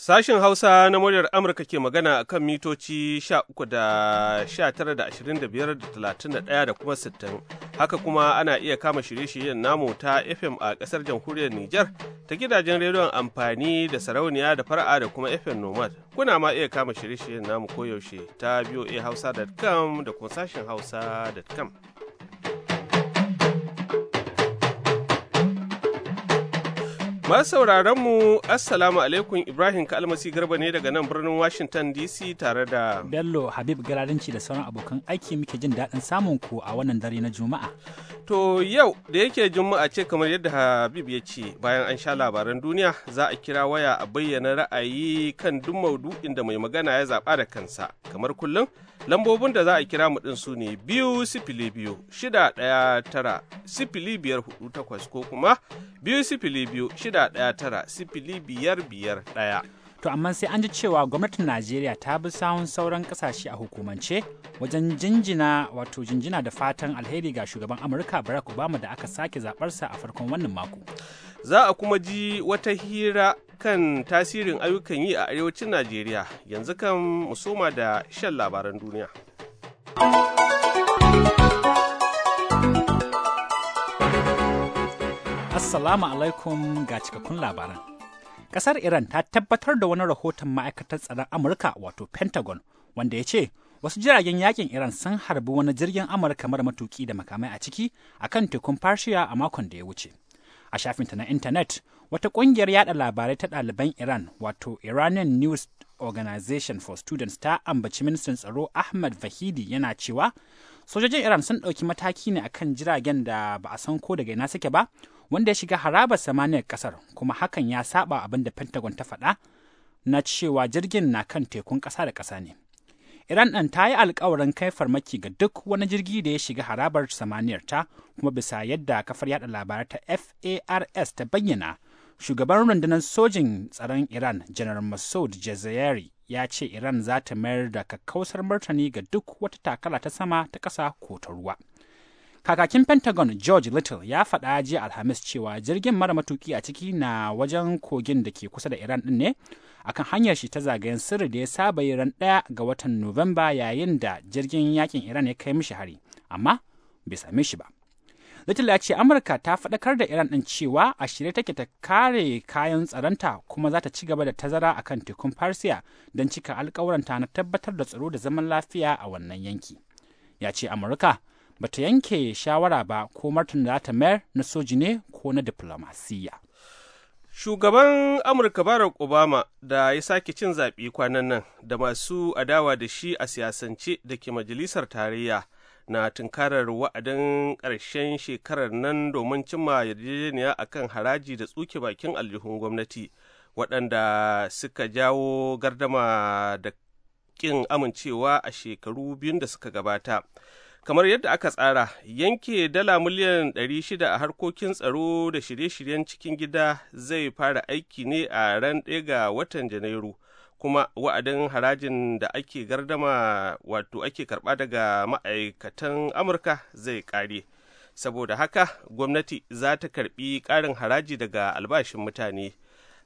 Sashen Hausa na muryar Amurka ke magana a kan mitoci 13 da 25 da 31 da kuma 60. Haka kuma ana iya kama shirye-shiryen namu ta FM a ƙasar jamhuriyar Nijar ta gidajen rediyon amfani da sarauniya da fara'a da kuma FM Nomad. Kuna ma iya kama shirye-shiryen namu koyaushe ta voahausa.com da kuma sashen hausa.com. Masu sauraron mu Assalamu alaikum Ibrahim Kalmasi Garba ne daga nan birnin Washington DC tare da Bello Habib Galadanci da sauran abokan aiki muke jin daɗin samun ku a wannan dare na Juma'a. To yau da yake Juma'a ce kamar yadda Habib ya ce bayan an sha labaran duniya za a kira waya a bayyana ra'ayi kan duk maudu'in da mai magana ya zaɓa da kansa kamar kullum Lambobin da za a kira mu din su ne biyu sifili biyu shida ɗaya tara sifili biyar hudu takwas ko kuma biyu sifili biyu shida ɗaya tara sifili biyar biyar ɗaya. To amma sai an ji cewa gwamnatin Najeriya ta bi sawun sauran kasashe a hukumance wajen jinjina wato jinjina da fatan alheri ga shugaban Amurka Barack Obama da aka sake zaɓarsa a farkon wannan mako. Za a kuma ji wata hira kan tasirin ayyukan yi a arewacin Najeriya yanzu kan musoma da shan labaran duniya. Assalamu alaikum ga cikakkun labaran. Kasar Iran ta tabbatar da wani rahoton ma'aikatar tsaron Amurka wato Pentagon wanda ya ce wasu jiragen yakin Iran sun harbi wani jirgin Amurka mara matuki da makamai a ciki a kan tekun farshiya a makon da ya wuce. a shafinta na intanet wata ƙungiyar yada labarai ta ɗaliban iran wato iranian news organization for students ta ambaci ministan tsaro ahmad vahidi yana cewa sojojin iran sun ɗauki mataki ne akan jiragen da ba a san ko daga ina suke ba wanda ya shiga harabar samaniyar kasar kuma hakan ya saba abin da pentagon ta faɗa na cewa jirgin na kan tekun ƙasa da ƙasa ne Iran ɗin ta yi alkawarin kai farmaki ga duk wani jirgi da ya shiga harabar samaniyar ta kuma bisa yadda kafar yada labarai ta FARS ta bayyana shugaban rundunar sojin tsaron Iran Janar Masoud Jazayari ya ce Iran za ta mayar da kakkausar martani ga duk wata takara ta sama ta ƙasa ko ta ruwa. Kakakin Pentagon George Little ya faɗa jiya Alhamis cewa jirgin mara matuki a ciki na wajen kogin da ke kusa da Iran ɗin ne akan hanyar shi ta zagayen sirri da ya saba yi ran ɗaya ga watan Nuwamba yayin da jirgin yakin Iran ya kai mishi hari, amma bai same shi ba. Little ya ce Amurka ta faɗakar da Iran ɗin cewa a shirye take ta kare kayan tsaronta kuma za ta ci gaba da tazara a kan tekun Farsiya don cika alkawuranta na tabbatar da tsaro da zaman lafiya a wannan yanki. Ya ce Amurka ba ta yanke shawara ba ko martin da za ta mayar na soji ne ko na diflomasiyya. Shugaban Amurka Barack Obama da ya sake cin zaɓe kwanan nan da masu adawa da shi a siyasance da ke majalisar tarayya na tunkarar wa'adin ƙarshen shekarar nan domin cimma yarjejeniya a kan haraji da tsuke bakin aljihun gwamnati waɗanda suka jawo gardama da ƙin amincewa a shekaru biyun da suka gabata. kamar yadda aka tsara yanke dala miliyan 600 a harkokin tsaro da shirye-shiryen cikin gida zai fara aiki ne a ran ɗaya ga watan janairu kuma wa'adin harajin da ake gardama wato ake karba daga ma'aikatan amurka zai kare saboda haka gwamnati za ta karbi karin haraji daga albashin mutane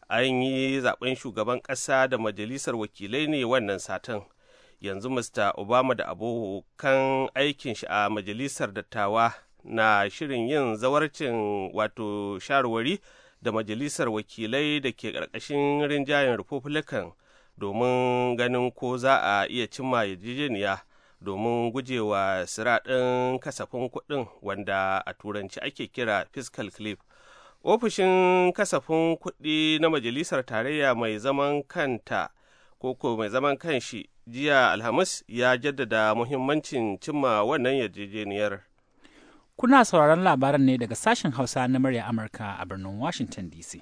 an yi zaben shugaban ƙasa da majalisar wakilai ne wannan satin yanzu mr obama da abokan aikin shi a majalisar dattawa na shirin yin zawarcin wato Sharwari da majalisar wakilai da ke ƙarƙashin rinjayen republican domin ganin ko za a iya cimma yarjejeniya domin gujewa siraɗin kasafin kuɗin wanda a turanci ake kira fiscal cliff ofishin kasafin kuɗi na majalisar tarayya mai zaman kanta ko mai zaman kanshi jiya alhamis ya jaddada muhimmancin cimma wannan yarjejeniyar kuna sauraron labaran ne daga sashen hausa na murya amurka a birnin washington dc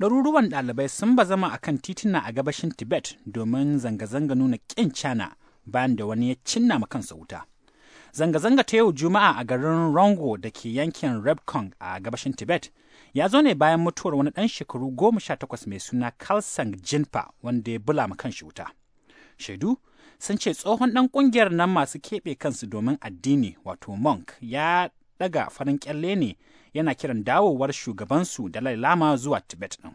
ɗaruruwan ɗalibai sun bazama a kan tituna a gabashin tibet domin zanga-zanga nuna ƙin cana bayan da wani ya cinna ma kansa wuta zanga-zanga ta yau juma'a a garin rongo da ke yankin rebkong a gabashin tibet ya zo ne bayan mutuwar wani ɗan shekaru goma sha takwas mai suna kalsang jinpa wanda ya bula ma kanshi wuta Shaidu sun ce tsohon ɗan ƙungiyar nan masu keɓe kansu domin addini wato monk ya ɗaga farin kyalle ne yana kiran dawowar shugabansu da Lama zuwa Tibet ɗin.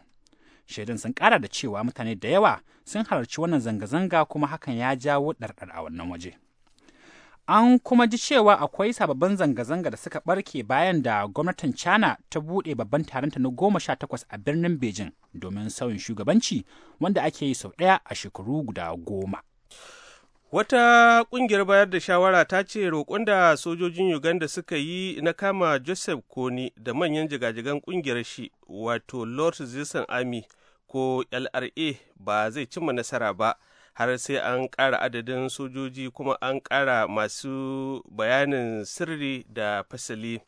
Shaidan sun ƙara da cewa mutane da yawa sun halarci wannan zanga-zanga kuma hakan ya jawo ɗarɗar a wannan waje. An kuma ji cewa akwai sababbin zanga-zanga da suka barke bayan da gwamnatin China ta bude babban taron ta na goma sha takwas a birnin Beijing domin sauyin shugabanci wanda ake yi sau ɗaya a shekaru guda goma. Wata ƙungiyar bayar da shawara ta ce roƙon da sojojin Uganda suka yi na kama Joseph Kony da manyan jigajigan ƙungiyar shi wato Lord zisan Army ko LRA ba zai cimma nasara ba. har sai an ƙara adadin sojoji kuma an ƙara masu bayanin sirri da fasali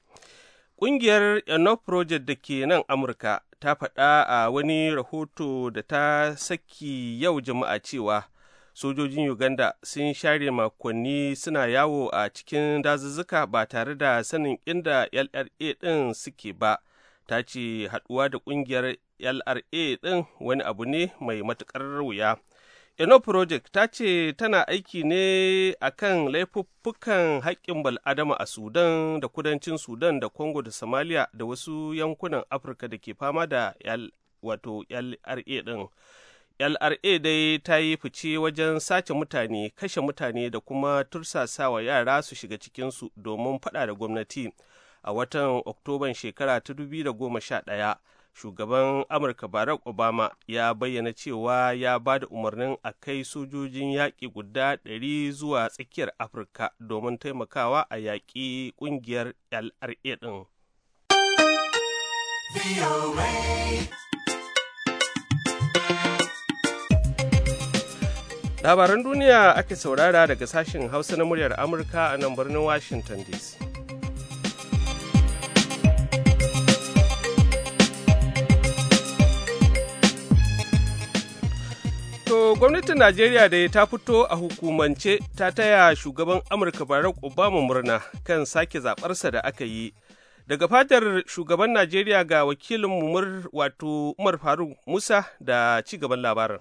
ƙungiyar enough project da ke nan amurka ta faɗa a wani rahoto da ta saki yau jama'a cewa sojojin uganda sun share makonni suna yawo a cikin dazuzzuka ba tare da sanin inda lra ɗin suke ba ta ce haɗuwa da ƙungiyar lra ɗin wani abu ne mai matuƙar wuya Eno Project ta ce tana aiki ne a kan laifuffukan haƙƙin bal'adama a Sudan da kudancin Sudan da Congo da Somalia da wasu yankunan Afirka da ke fama da wato LRA ɗin. LRA dai ta yi fice wajen sace mutane, kashe mutane da kuma tursasawa yara su shiga cikinsu domin faɗa da gwamnati a watan Oktoban shekara ta 2011. shugaban amurka barack obama ya bayyana cewa ya ba da umarnin a kai sojojin yaƙi guda 100 zuwa tsakiyar afirka domin taimakawa a yaƙi ƙungiyar lra ɗin labaran duniya ake saurara daga sashen hausa na muryar amurka a nan birnin washington dc To gwamnatin Najeriya da ta fito a hukumance ta taya shugaban Amurka Barack Obama murna kan sake zaɓarsa da aka yi. Daga fadar shugaban Najeriya ga wakilin mumur wato Umar Faruk Musa da ci gaban labarin.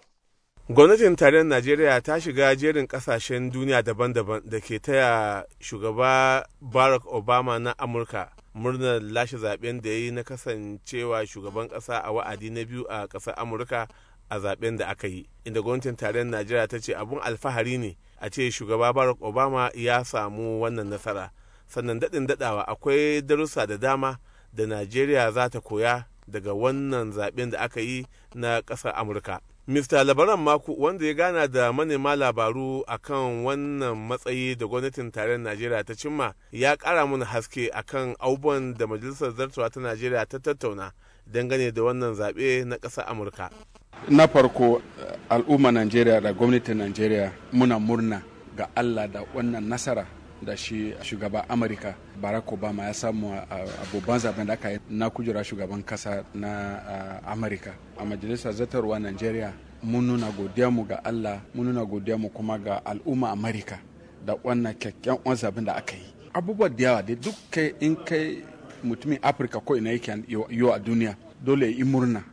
Gwamnatin tarayyar Najeriya ta shiga jerin kasashen duniya daban-daban da ke taya shugaba Barack Obama na Amurka murnar lashe zaben da ya yi na kasancewa shugaban ƙasa a wa'adi na biyu a ƙasar Amurka a zaben da aka yi inda gwamnatin tarayyar najeriya ta ce abun alfahari ne a ce shugaba barack obama ya samu wannan nasara sannan daɗin daɗawa akwai darussa da dama da najeriya za ta koya daga wannan zaben da aka yi na ƙasar amurka mista labaran mako wanda ya gana da manema labaru akan wannan matsayi da gwamnatin tarayyar najeriya ta cimma ya kara mana haske akan abubuwan da majalisar zartawa ta najeriya ta tattauna dangane da wannan zaɓe na ƙasar amurka na farko al'umma najeriya da gwamnatin najeriya muna murna ga allah da wannan nasara da shi shugaba amurka barack obama ya samu abubuwan zaben da aka yi na kujera shugaban kasa na amurka a majalisar zartarwa najeriya mun nuna godiyarmu ga allah mun nuna godiyarmu kuma ga al'umma amurka da wannan kyakkyawan zaben da aka yi abubuwa da yawa da duk kai in kai mutumin afirka ko ina yake yiwu a duniya dole yi murna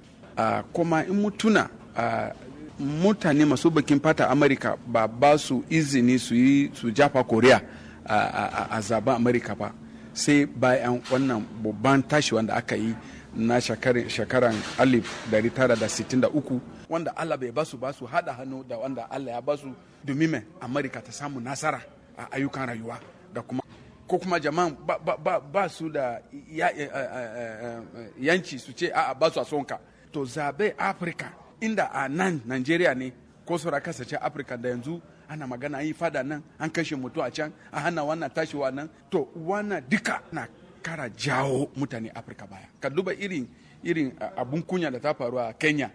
Ah, kuma in mutuna ah, mutane masu bakin fata amurka ba ba su izini su yi su jafa korea ah, a zaben amurka ba sai bayan wannan babban tashi wanda aka yi na shekaran alif 1963 wanda allah bai basu basu hada hannu da wanda allah ya basu domin mai amurka ta samu nasara a ayyukan rayuwa da kuma ko kuma jama'an ba, su da eh, eh, eh, yanci su ce a ba a sonka to zabe afirka inda a nan nigeria ne ko saura kasance afirka da yanzu ana magana yi fada nan an kashe mutu a can a hana wannan tashiwa nan to wannan duka na kara jawo mutane afirka baya ka duba irin irin abun kunya da ta faru a kenya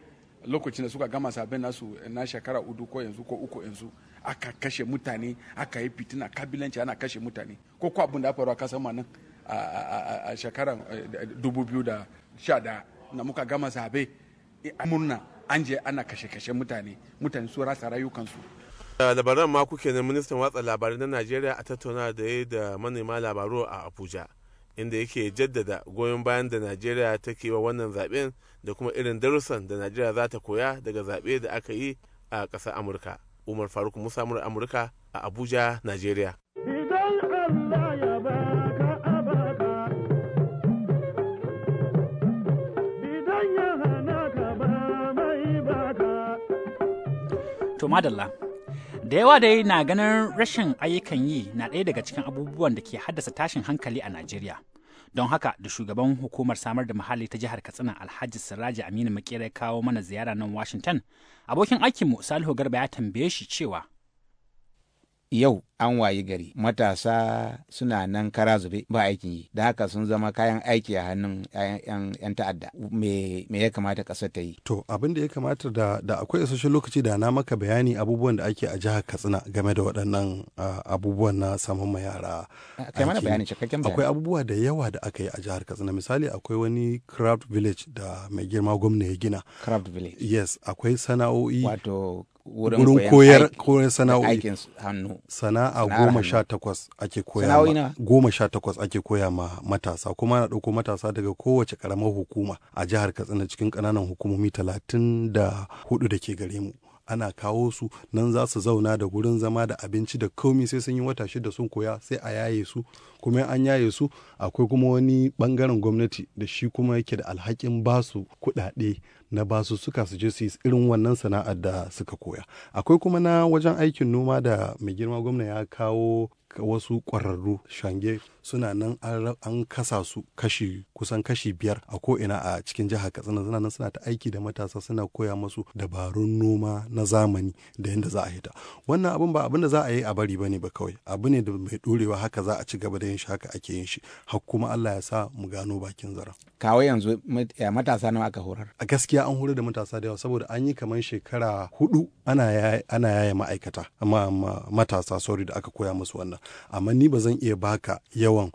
lokacin da suka gama sabbin nasu eh, na shekara udu ko yanzu ko uku yanzu aka kashe mutane aka yi fitina kabilanci ana kashe mutane ko ko abun da ya faru a kasar ma nan a shekarar 2011 eh, da muka gama zabe eh, an murna an je ana kashe-kashe mutane mutane su rasa rayukansu labaran ma kuke na ministan watsa labarai na najeriya a tattauna da ya da manema labaru a abuja inda yake jaddada goyon bayan da najeriya take wa wannan zaben da kuma irin darussan da najeriya za ta koya daga zaɓe da aka yi a ƙasar amurka umar faruk musa amurka a abuja najeriya To madalla. Da yawa dai na ganin rashin ayyukan yi na ɗaya daga cikin abubuwan da ke haddasa tashin hankali a Najeriya. Don haka da shugaban hukumar samar da muhalli ta jihar Katsina Alhaji Sirraji Aminu Makera kawo mana ziyara nan Washington, abokin aikinmu Salihu Garba ya tambaye shi cewa yau an wayi gari matasa suna nan kara zube ba aikin yi da haka sun zama kayan aiki a hannun 'yan ta'adda me ya kamata ƙasar ta yi to abin da ya kamata da akwai isasshen lokaci da na maka bayani abubuwan da ake a jihar katsina game da waɗannan abubuwan na samun ma yara kai mana bayani akwai abubuwa da yawa da aka yi a jihar katsina misali akwai wani craft village da mai girma gwamna ya gina craft village yes akwai sana'o'i wato wurin koyar koyar sana'o'i aikin hannu sana'a goma sha takwas ake koya ma goma ake koya matasa kuma ana ɗauko matasa daga kowace ƙaramar hukuma a jihar katsina cikin ƙananan hukumomi talatin da hudu da ke gare mu ana kawo su nan za su zauna da gurin zama da abinci da komi sai sun yi wata shida sun koya sai a yaye su kuma an yaye su akwai kuma wani bangaren gwamnati da shi kuma yake da alhakin basu kuɗaɗe na suka su je su irin wannan sana'ar da suka koya akwai kuma na wajen aikin noma da mai girma gwamna ya kawo wasu ƙwararru shange suna nan an kasa su kashi kusan kashi biyar a ko'ina a cikin jihar katsina suna nan suna ta aiki da matasa suna koya masu dabarun noma na zamani da yadda za a hita wannan abin ba abin da za a yi a bari bane ba kawai abu ne da mai ɗorewa haka za a ci gaba da yin shi haka ake yin shi har kuma allah ya sa mu gano bakin zara kawo yanzu matasa nawa aka horar a gaskiya an horar da matasa da yawa saboda an yi kamar shekara hudu ana yaya ma'aikata amma matasa sorry da aka koya musu wannan amma ni ba zan iya baka yawan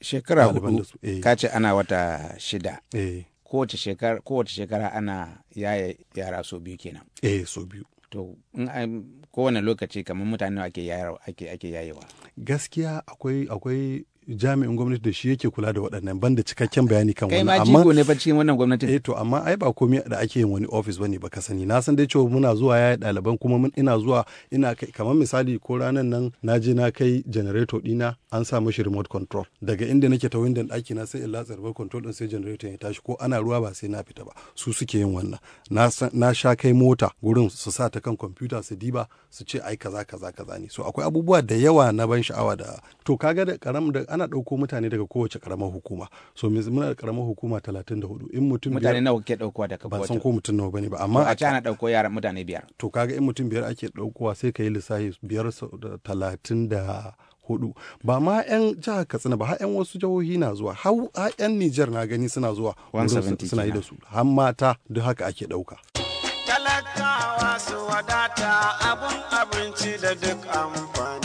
shekara hudu eh. ka ce ana wata shida eh. kowace shekara ana yaya yara so biyu kenan eh so biyu to kowane lokaci kamar mutane ake ake yayewa gaskiya akwai akwai jami'in gwamnati da shi yake kula da waɗannan banda cikakken bayani kan wannan amma kai ma jigo ne fa cikin wannan gwamnatin eh to amma ai ba komai da ake yin wani office bane ka sani na san dai cewa muna zuwa yaya ɗaliban kuma mun ina zuwa ina kai kamar misali ko ranan nan na je na kai generator dina an sa mashi remote control daga inda nake ta windon ɗaki na sai in latsa remote control din sai generator ya tashi ko ana ruwa ba sai na fita ba su suke yin wannan na na sha kai mota gurin su sa ta kan computer su diba su ce ai kaza kaza kaza ne so akwai abubuwa da yawa na ban sha'awa da to kaga da karam da ana ɗauko mutane daga kowace karamar hukuma so muna da karamar hukuma 34 in mutum mutane nawa ke ɗaukowa daga kowace ba san ko mutum nawa bane ba amma a ce ana ɗauko yaran mutane biyar to kaga in mutum biyar ake ɗaukowa sai ka yi lissafi biyar talatin da hudu ba ma 'yan jihar katsina ba har 'yan wasu jihohi na zuwa har 'yan nijar na gani suna zuwa suna yi da su har mata duk haka ake ɗauka. talakawa su wadata abun abinci da duk amfani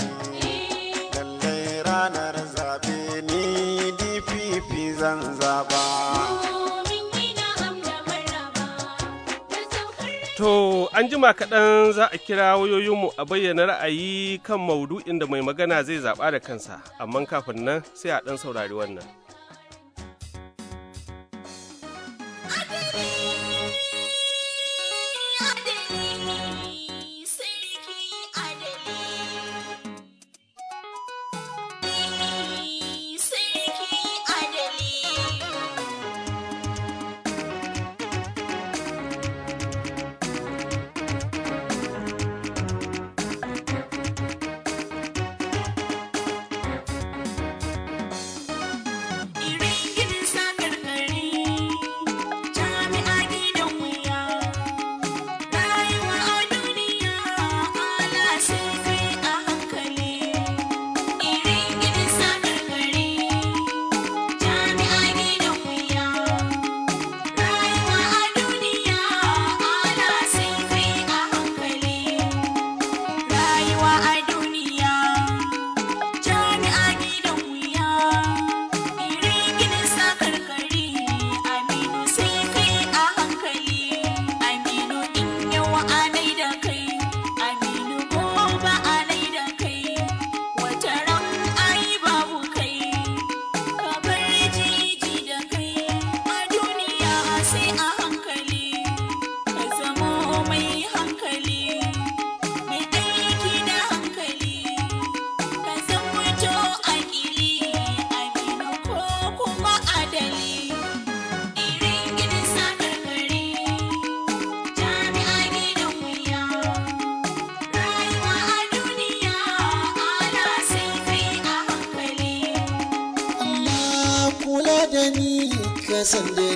An jima kaɗan za a kira wayoyinmu a bayyana ra'ayi kan maudu'in da mai magana zai zaɓa da kansa, amma kafin nan sai a ɗan saurari wannan. listen.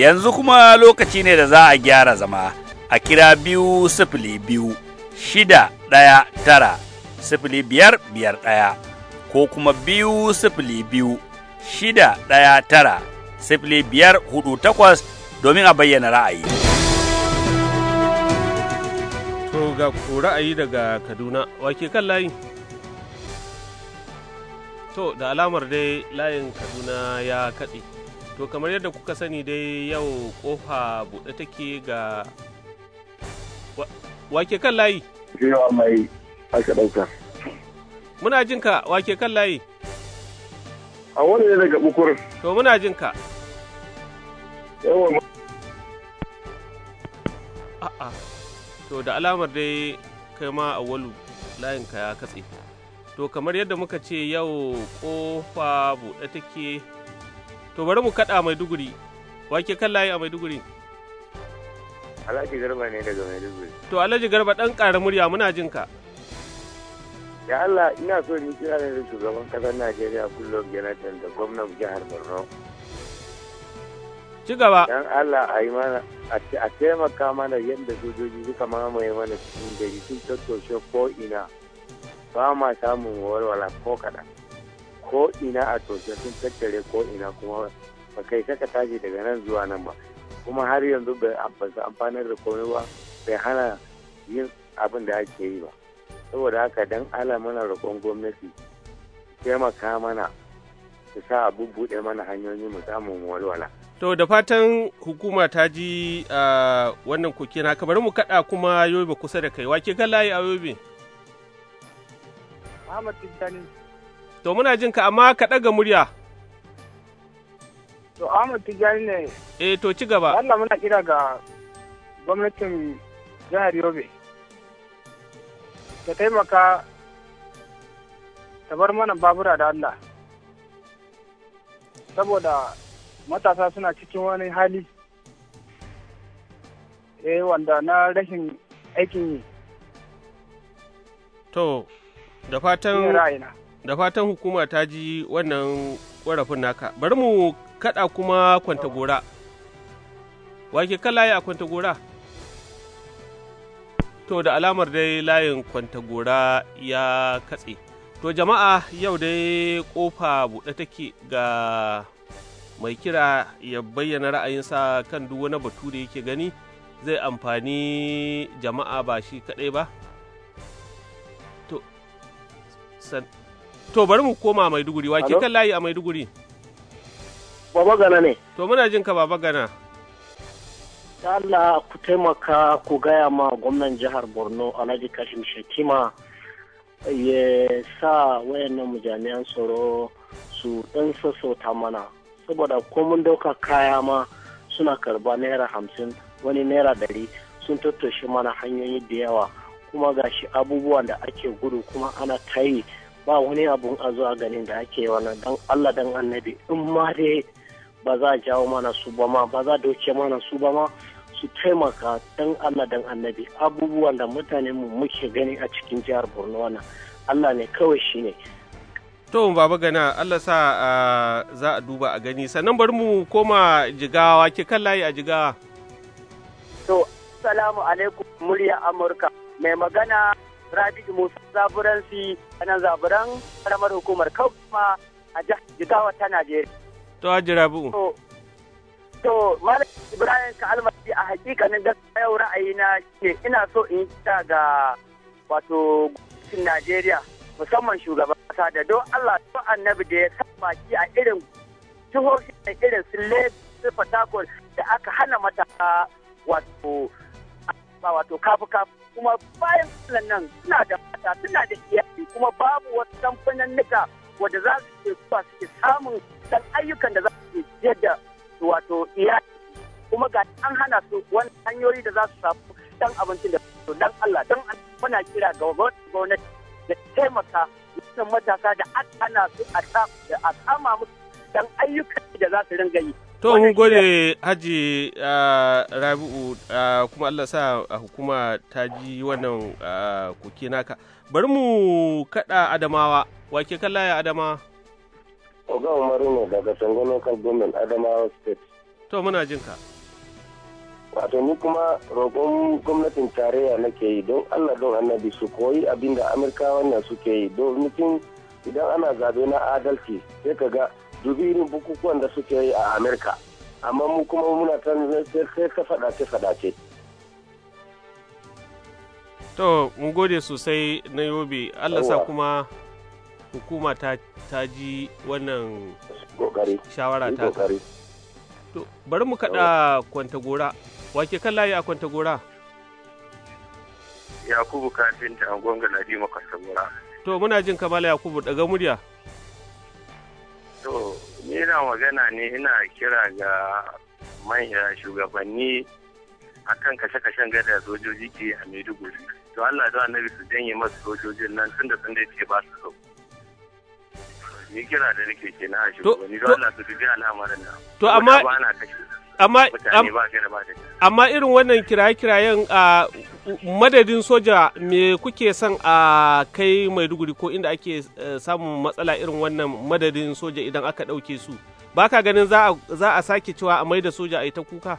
yanzu kuma lokaci ne da za a gyara zama a kira biyu sifili biyu shida ɗaya tara sifili biyar biyar ɗaya ko kuma biyu sifili biyu shida ɗaya tara sifili biyar hudu takwas domin a bayyana ra'ayi. To ga ra'ayi daga Kaduna, wake kan layi? To da alamar dai layin Kaduna ya kaɗe. to kamar yadda kuka sani dai yau kofa buɗe take ga wake kan layi yawa mai aka ɗauka muna jin ka wake kan layi a wani ne daga bukur to muna jin ka yawa a'a to da alamar dai kai ma a walu layinka ya katse to kamar yadda muka ce yau kofa buɗe take to bari mu kaɗa Maiduguri, wake kan layi a Maiduguri. Alhaji Garba ne daga Maiduguri. To Alhaji Garba ɗan ƙara murya muna jin ka. Ya Allah ina so ni kira ne da shugaban ƙasar Najeriya kullum Jonathan da gwamnan jihar Borno. Ci gaba. Dan Allah a yi mana a taimaka mana yadda sojoji suka mamaye mana cikin gari sun tattoshe ko ina ba ma samun walwala ko kaɗan. ko ina a toshe sun tattare ko ina kuma ba kai saka tashi daga nan zuwa nan ba kuma har yanzu ba su amfanar da komai ba bai hana yin abin da ake yi ba saboda haka dan ala mana roƙon gwamnati taimaka mana su sa abu buɗe mana hanyoyi mu samu walwala To da fatan hukuma ta ji a wannan kokina kamar mu kaɗa kuma yobe kusa da kai wake kan layi a yobe. To muna jin ka amma ka ɗaga murya. To Ahmad Tijjani ne. Eh to ci gaba. Allah muna kira ga gwamnatin jihar Yobe. Ka taimaka ta bar mana babura da Allah. Saboda matasa suna cikin wani hali. Eh wanda na rashin aikin yi. To, da fatan da fatan hukuma ta ji wannan ƙorafin naka bari mu kaɗa kuma kwantagora wake kan layi a kwantagora to da alamar dai layin kwantagora ya katse to jama'a yau dai ƙofa buɗe take ga mai kira ya bayyana ra'ayinsa kan duk wani batu da yake gani zai amfani jama'a ba shi kaɗai ba To bari mu koma a Maiduguri, ke kan layi a Maiduguri? Baba Gana ne. To muna jin ka Baba Gana. Allah ku taimaka ku gaya ma gwamnan jihar Borno Alhaji Kashim Shekima ya sa wayannan jami'an tsaro su ɗan sassauta mana saboda ko mun dauka kaya ma suna karba naira hamsin wani naira ɗari sun tattoshe mana hanyoyi da yawa kuma gashi abubuwan da ake gudu kuma ana yi. ba wani abun a zuwa ganin da ake wannan dan Allah dan annabi in ma dai ba za a jawo mana su ba ma ba za a dauke mana su ba ma su taimaka dan Allah dan annabi abubuwan da mutane mu muke gani a cikin jihar Borno wannan Allah ne kawai shine To baba gana Allah sa za a duba a gani sannan bari mu koma jigawa ke kan layi a jigawa. To salamu alaikum murya Amurka mai magana rabi Musa Zaburansi a nan Zaburan karamar hukumar Kauma a jihar Jigawa ta Najeriya. To jira bu To Malam Ibrahim ka almasi a hakikanin da yau ra'ayina ke ina so in ta ga wato gwamnatin Najeriya musamman shugaban kasa da don Allah to annabi da ya saba ki a irin jihohi da irin su lebe su fatakon da aka hana mata wato ba wato kafu kafu kuma bayan nan suna da mata suna da iyali kuma babu wasu kamfanin nika wadda za su ke zuwa suke samun dan ayyukan da za su ke da wato iyali kuma ga an hana su wani hanyoyi da za su samu dan abincin da su dan Allah dan muna kira ga gwamnati da taimaka wannan matasa da aka hana su a kama musu dan ayyukan da za su ringa yi To mun gode Haji uh, Rabi'u uh, kuma Allah sa uh, hukuma ta ji wannan koke naka. Bari mu kada Adamawa, wake kalla ya Adamawa? Oga Umaru ne daga Sango Local Government Adamawa State. To muna jin ka. Wato ni kuma roƙon gwamnatin tarayya nake yi don Allah don annabi su koyi abinda Amurka wannan suke yi don mutum idan ana zabe na adalci sai ka ga dubi irin bukukuwan da suke yi a amerika amma mu kuma muna ta sai ka faɗace faɗace to mu gode sosai na yobe allah sa kuma hukuma ta, ji wannan shawara ta to bari mu kaɗa kwantagora wake kan layi a kwantagora yakubu kafin ta angon galadi makasagora to muna jin kamala yakubu daga murya ina magana ne ina kira ga manya shugabanni akan kashe-kashen gada sojoji ke a Maiduguri. To Allah da annabi su janye masu sojojin nan tun da sun da ba su so. Ni kira da nake kenan a shugabanni don Allah su dubi al'amarin nan. To amma ba ana kashe. amma irin wannan kiraye-kirayen a madadin soja me kuke son a kai mai maiduguri ko inda ake eh, samun matsala irin wannan madadin soja idan aka ɗauke su ba ka ganin za a sake cewa a mai da soja a yi ta kuka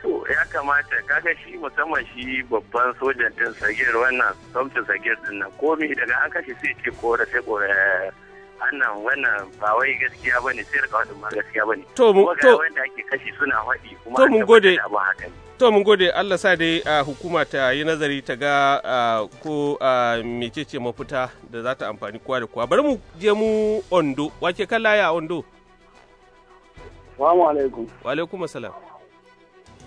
to ya kamata kaga shi musamman shi babban sojan din sagir wannan sautin sagir din nan komi daga an kashe sai ce kore sai kore eh, annan wannan ba wai gaskiya bane sai rika wadin ma gaskiya bane to mun to wanda ake kashi suna hadi kuma to mun gode to mun gode Allah sa dai hukuma ta yi nazari ta ga ko mecece mafita da za ta amfani kowa da kowa bari mu je mu Ondo wake kala ya Ondo Assalamu alaikum wa alaikum assalam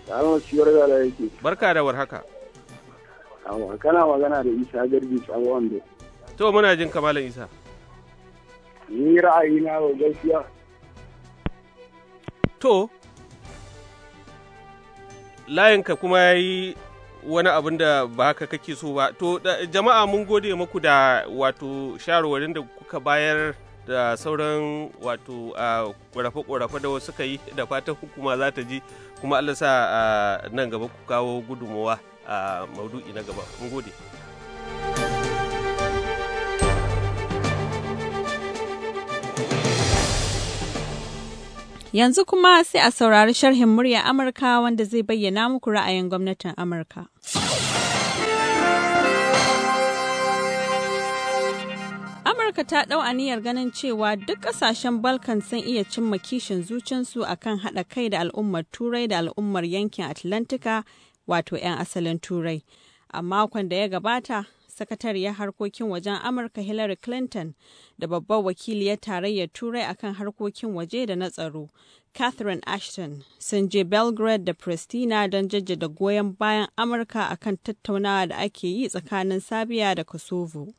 Salamu ciyar da yake barka da warhaka kana magana da Isa Garbi Tsawo Ondo to muna jin kamalan Isa Ni ra'ayina ga gaskiya. To, layinka kuma ya yi wani abin da ba haka kake so ba. To, jama'a mun gode maku da wato shawarwarin da kuka bayar da sauran wato ƙorafe-ƙorafe da wasu suka yi da fatan hukuma za ta ji kuma Allah sa nan gaba ku kawo gudunmawa a maudu'i na gaba. Mun gode. Yanzu kuma sai a saurari sharhin murya Amurka wanda zai bayyana muku ra'ayin gwamnatin Amurka. Amurka ta ɗau aniyar ganin cewa duk ƙasashen Balkan sun iya cimma kishin zuciyarsu akan haɗa kai da al'ummar Turai da al'ummar yankin Atlantika wato 'yan asalin Turai. A makon da ya gabata, sakatariyar harkokin wajen Amurka Hillary Clinton da babban wakiliyar tarayyar Turai akan harkokin waje da na tsaro, Catherine Ashton, sun je Belgrade da Pristina don jaddada goyon bayan Amurka akan tattaunawa da ake yi tsakanin Sabiya da Kosovo.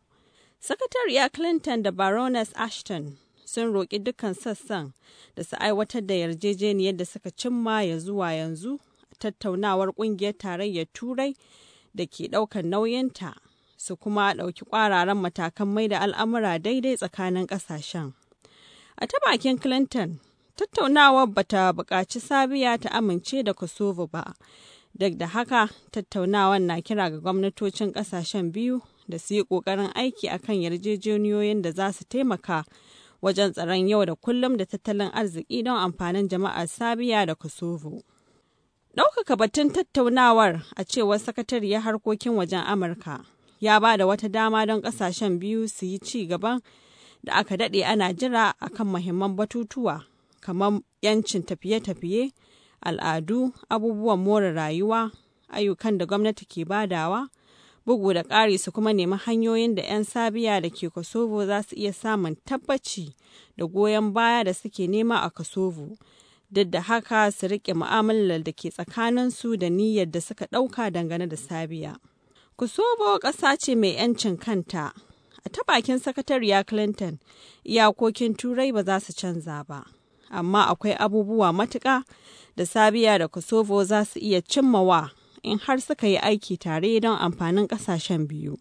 Sakatariya Clinton da Baroness Ashton sun roƙi dukkan sassan da su aiwatar da yarjejeniyar da suka cimma ya zuwa yanzu tattaunawar ƙungiyar tarayyar turai da ke ɗaukar nauyinta su kuma ɗauki ƙwararren matakan mai da al'amura daidai tsakanin ƙasashen. A ta bakin Clinton, tattaunawar ba ta buƙaci Sabiya ta amince da Kosovo ba. Duk da haka, tattaunawar na kira ga gwamnatocin ƙasashen biyu da su yi ƙoƙarin aiki a kan yarjejeniyoyin da za su taimaka wajen tsaron yau da kullum da tattalin arziki don amfanin jama'ar Sabiya da Kosovo. Ɗaukaka batun tattaunawar a cewar sakatariyar harkokin wajen Amurka. ya ba da wata dama don kasashen biyu su yi ci gaban da aka daɗe ana jira akan mahimman batutuwa kamar 'yancin tafiye-tafiye al'adu abubuwan more rayuwa ayyukan da gwamnati ke badawa bugu da ƙari su kuma nemi hanyoyin da 'yan sabiya da ke kosovo za su iya samun tabbaci da goyon baya da suke nema a kosovo duk da haka su riƙe mu'amalar da ke tsakaninsu da niyyar da suka ɗauka dangane da sabiya. Kusobo ƙasa ce mai 'yancin kanta. A ta bakin sakatariya Clinton, iyakokin Turai ba za su canza ba. Amma akwai abubuwa matuƙa da Sabiya da Kusobo za su iya cimmawa in har suka yi aiki tare don amfanin ƙasashen biyu.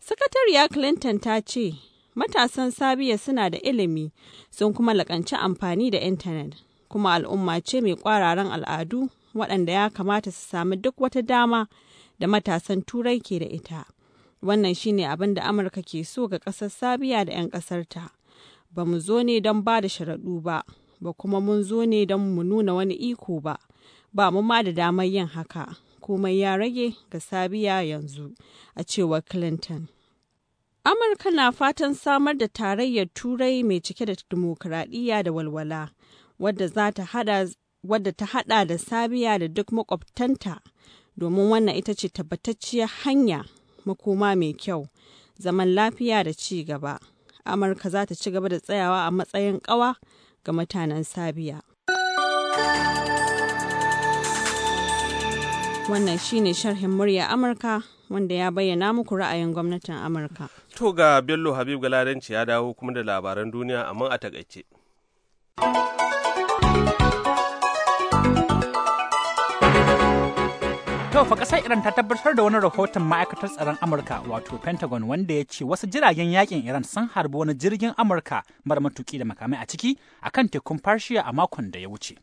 Sakatariya Clinton ta ce, matasan Sabiya suna da ilimi sun kuma laƙanci amfani da intanet, kuma al'umma ce mai ƙwararan al'adu waɗanda ya kamata su sami duk wata dama da matasan turai ke da ita wannan shine abin da amurka ke so ga ƙasar sabiya da 'yan ƙasarta ba mu zo ne don ba da sharaɗu ba ba kuma mun zo ne don mu nuna wani iko ba ba mu ma da damar yin haka komai ya rage ga sabiya yanzu a cewar clinton amurka na fatan samar da tarayyar turai mai cike da dimokuraɗiyya da walwala wadda ta hada da sabiya da duk makwabtanta domin wannan ita ce tabbatacciyar hanya makoma mai kyau zaman lafiya da ci gaba amurka za ta ci gaba da tsayawa a matsayin ƙawa ga mutanen sabiya wannan shine sharhin murya amurka wanda ya bayyana muku ra'ayin gwamnatin amurka to ga bello habib galadanci ya dawo kuma da labaran duniya amma a takaice To fa kasar Iran ta tabbatar da wani rahoton ma'aikatar tsaron Amurka wato Pentagon wanda ya ce wasu jiragen yakin Iran sun harbi wani jirgin Amurka mara matuki da makamai a ciki a kan tekun Farshiya a makon da ya wuce.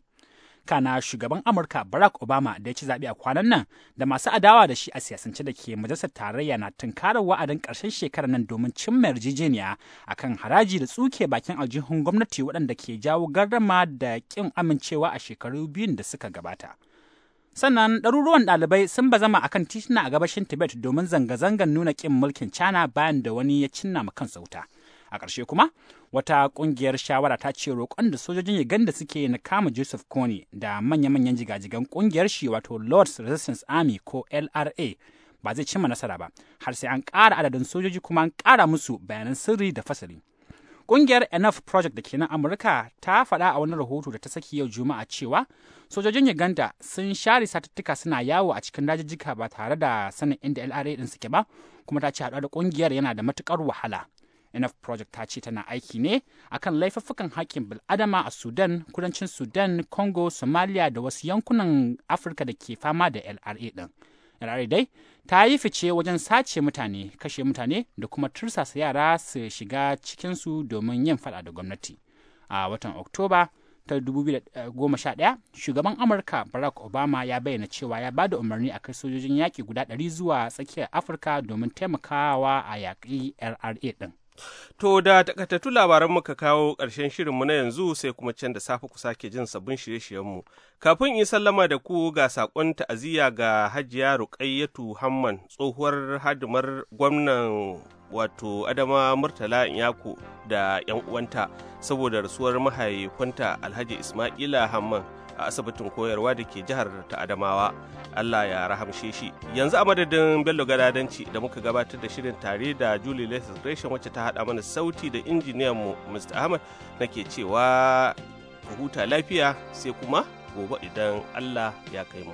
Kana shugaban Amurka Barack Obama da ya ci zaɓe a kwanan nan da masu adawa da shi a siyasance da ke majalisar tarayya na tunkarar wa'adin ƙarshen shekarar nan domin cimma yarjejeniya akan haraji da tsuke bakin aljihun gwamnati waɗanda ke jawo garrama da ƙin amincewa a shekaru biyun da suka gabata. Sannan ɗaruruwan ɗalibai sun bazama a kan tituna a gabashin Tibet domin zanga zangan nuna ƙin mulkin China bayan da wani ya cinna ma kansa wuta. A ƙarshe kuma, wata ƙungiyar shawara ta ce roƙon da sojojin Uganda suke na kama Joseph Kony da manya-manyan jigajigan ƙungiyar shi wato Lord's Resistance Army ko LRA ba zai cimma nasara ba, har sai an ƙara adadin sojoji kuma an ƙara musu bayanan sirri da fasali. Ƙungiyar Enough Project da ke nan Amurka ta faɗa a wani rahoto da ta saki yau Juma'a cewa sojojin Uganda sun share satuttuka suna yawo a cikin dajijjika ba tare da sanin inda LRA ɗin suke ba, kuma ta ce haɗuwa da ƙungiyar yana da matuƙar wahala. Enough Project ta ce tana aiki ne a kan laifuffukan haƙƙin bil'adama a Sudan, kudancin Sudan, Congo, Somalia da wasu yankunan Afirka da ke fama da LRA ɗin. rari dai ta yi fice wajen sace mutane, kashe mutane da kuma tursasa yara su shiga cikinsu domin yin fada da gwamnati. A watan Oktoba ta 2011, shugaban Amurka Barack Obama ya bayyana cewa ya ba da umarni a kai sojojin yaƙi guda 100 zuwa tsakiyar Afirka domin taimakawa a yaƙi RRA ɗin. To da takatattu labaran muka kawo ƙarshen shirinmu na yanzu sai kuma can da safe ku sake jin sabbin shirye-shiryenmu. Kafin in sallama da ku ga saƙon ta'aziyya ga Hajiya Ruƙayyatu Hamman tsohuwar hadimar gwamnan wato Adama Murtala Inyako da 'yan uwanta saboda rasuwar mahaifinta Alhaji Ismaila Hamman. a asibitin koyarwa da ke jihar ta adamawa allah ya rahamshe shi yanzu a madadin bello gadadanci da muka gabatar da shirin tare da julie lethal gresham wacce ta haɗa mana sauti da injiniyan mu mr ahmad ke cewa ku huta lafiya sai kuma gobe idan allah ya kai mu